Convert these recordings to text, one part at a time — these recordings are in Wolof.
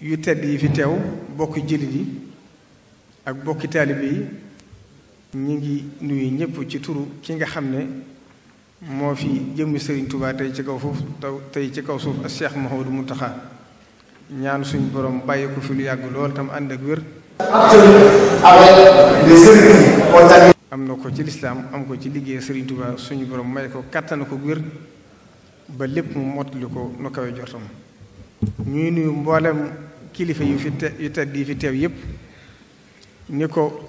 yu tedd yi fi teew bokki jullit yi ak bokki taalibe yi ñu ngi nuyu ñëpp ci turu ki nga xam ne moo fi jëmm sëriñ Touba tey ci kaw foofu tey ci kaw suuf ak Cheikh Mouhamadou Mountakha ñaan suñu boroom bàyyi ko fi lu yàgg lool tam ànd ak wér. am na ko ci lislaam am ko ci liggéey sëriñ Touba suñu borom may ko kàttan ko wér ba lépp mu mottali ko nu kawe jortam ñuy nuyu mboolem kilifa yu fi te yu tedd yi fi teew yépp ni ko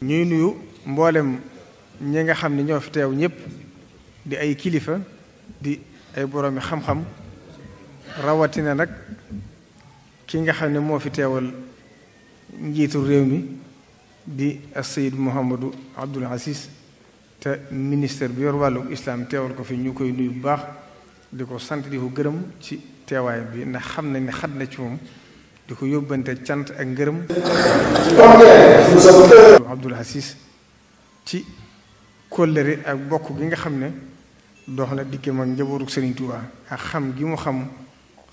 ñuy nuyu mboolem ñi nga xam ne ñoo fi teew ñépp di ay kilifa di ay boroomi xam-xam rawatina nag ki nga xam ne moo fi teewal njiitu réew mi di Seyd Mouhamadou Abdoul Aziz te ministre bi yor wàllu islam teewal ko fi ñu koy nuyu bu baax di ko sant di ko gërëm ci teewaay bi ndax xam nañ ne xat na ci moom di ko yóbbante cant ak ngërëm Abdul Aziz ci kóllëre ak bokk gi nga xam ne dox na dikke mag njabootu sëriñtuwaa ak xam gi mu xam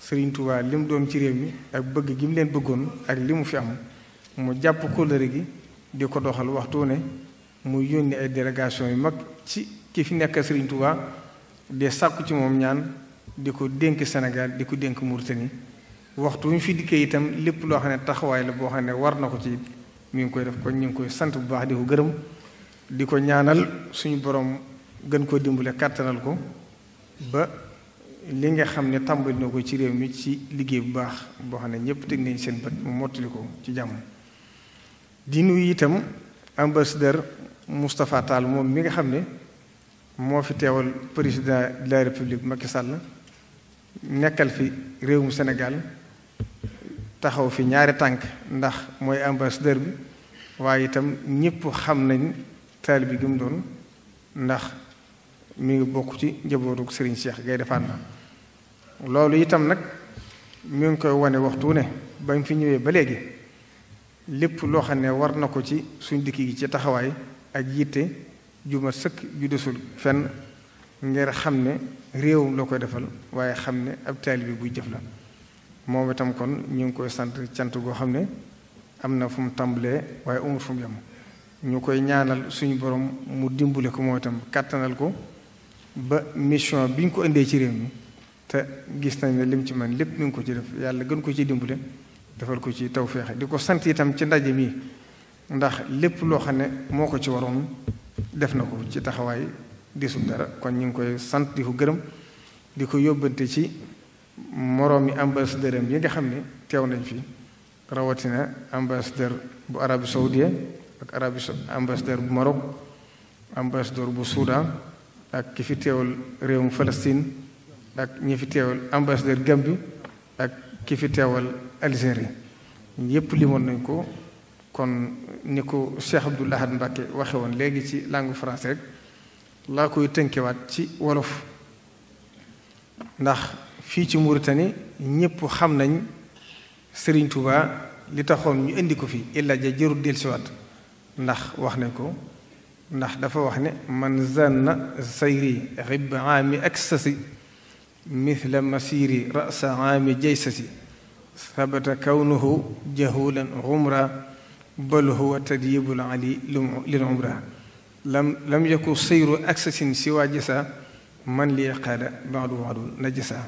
Serigne Touba li mu doon ci réew mi ak bëgg gi mu leen bëggoon ak li mu fi am mu jàpp kóllëre gi di ko doxal waxtu ne muy yónni ay délégation yu mag ci ki fi nekk Serigne de sàkku ci moom ñaan di ko dénk senegal di ko dénk Mauritanie waxtu wu ñu fi dikkee itam lépp loo xam ne taxawaay la boo xam ne war na ko ci mu ngi koy def ko ñu ngi koy sant bu baax di ko gërëm di ko ñaanal suñu borom gën koo dimbale kàttanal ko ba li nga xam ne tàmbali na ko ci réew mi ci liggéey bu baax boo xam ne ñëpp teg nañ seen bët mu mottali ko ci jàmm. di nuyu itam ambassadeur Moustapha Tall moom mi nga xam ne. moo fi teewal président de la république Macky Sall nekkal fi réewum Sénégal taxaw fi ñaari tànk ndax mooy ambassadeur bi waaye itam ñëpp xam nañ taalibe gi mu doon ndax mu ngi bokk ci njabootu Serigne Cheikh Gaïndé Fatma loolu itam nag mu ngi koy wane waxtu ne ba mu fi ñëwee ba léegi lépp loo xam ne war na ko ci suñ dikk gi ci taxawaay ak yitte. ju ma sëkk ju desul fenn ngir xam ne réewum loo koy defal waaye xam ne ab bi buy jëf la moom itam kon ñu ngi koy sant cant goo xam ne am na fu mu tàmbalee waaye amul fu mu ñu koy ñaanal suñu borom mu dimbale ko moom itam kàttanal ko ba mission bi ñu ko indee ci réew mi te gis nañ ne lim ci man lépp mi ngi ko ci def yàlla gën ko ci dimbale defal ko ci tawféex di ko sant itam ci ndaje mi ndax lépp loo xam ne moo ko ci waroon def na ko ci taxawaay desul dara kon ñu ngi koy sant di ko gërëm di ko yóbbante ci moroom mi ambassadeur am yi nga xam ne teew nañ fi rawatina ambassadeur bu Arabie Saoudite ak Arabie ambassadeur bu Maroc ambassadeur bu Soudan ak ki fi teewal réewum Palestine ak ñi fi teewal ambassadeur Gambie ak ki fi teewal Algérie ñëpp limoon nañ ko kon ni ko Cheikh Abdoul Ahad waxe won legi ci langue française rek laa koy wat ci wolof ndax fi ci Mauritanie ñëpp xam nañ Serigne Touba li taxone ñu indi ko fi illa ja jëru del ci wat ndax wax nañ ko ndax dafa wax ne man zanna sayri rib ami aksasi مثل مسيري رأس عام جيسسي ثبت كونه جهولا غمرا bal huwa tadyibul ali lil umra lam lam yaku sayru aksasin si waa jasa man li qaada baadu waadu na jasa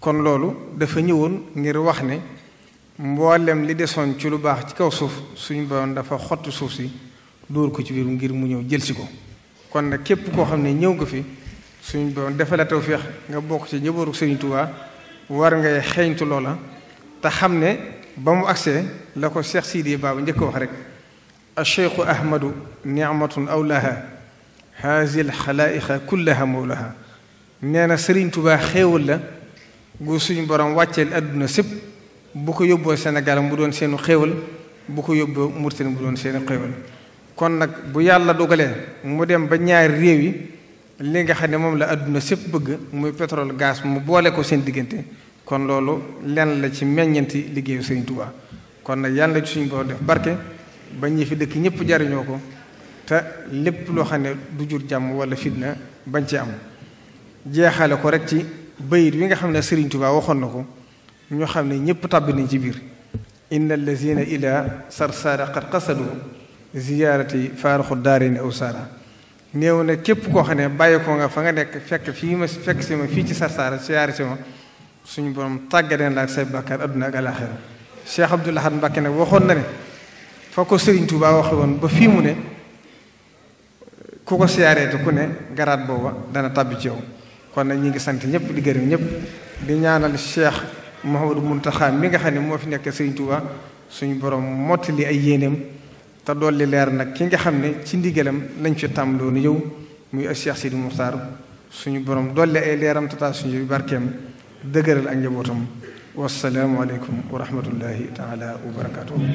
kon loolu dafa ñëwoon ngir wax ne mboolem li desoon ci lu baax ci kaw suuf suñu borom dafa xotti suuf si dóor ko ci biir ngir mu ñëw jël si ko kon na képp koo xam ne ñëw nga fi suñu borom dafa la tawféex nga bokk ci njabootu Sëriñ Tuubaa war ngay xeeñtu loola te xam ne ba mu agsee la ko Cheikh Sidi Baba njëkk wax rek الشيخ أحمد نعمة أولها هذه الخلائق كلها مولاها نانا سرين توبا خيول لا غو سوني بروم واتيل ادنا سيب بوكو يوبو سنغال مو دون سينو خيول بوكو يوبو مورتين مو دون سينو خيول kon nag bu yàlla dogalee mu dem ba ñaari réew yi li nga xam ne moom la adduna sépp bëgg muy pétrole gaz mu boole ko seen diggante kon loolu lenn la ci meññanti liggéeyu Sëriñ Tuubaa kon nag yàlla na ci suñu borom def barke bañ ñi fi dëkk ñëpp jariñoo ko te lépp loo xam ne du jur jàmm wala fitna bañ ci am jeexale ko rek ci bayit wi nga xam ne Sëriñ tubaa waxoon na ko ñoo xam ne ñëpp tàbbi nañ ci biir inna allazina ila sarsara qad qasadu ziyaarati faaraxu daarini aw saara néew na képp koo xam ne bàyyi nga fa nga nekk fekk fii ma fekk si ma fii ci sarsaara siyaare si suñu borom tàggatee la ak say bàkkaar àdduna ak alaaxira Cheikh Abdoul Ahad Mbacké nag waxoon na ne fa ko Serigne Touba waxe woon ba fii mu ne ku ko te ku ne garaat booba dana tàbbi ci yow kon nag ñi ngi sant ñëpp di gërëm ñëpp di ñaanal Cheikh Mouhamadou Mountakha mi nga xam ne moo fi nekk Serigne Touba suñu borom mottali ay yéeneem te dolli leer nag ki nga xam ne ci ndigalam lañ fi tàmbaloon yow muy Cheikh Sidi Moukhtar suñu borom dolli ay leeram tata suñu دغرل انجبوتم والسلام عليكم ورحمه الله تعالى وبركاته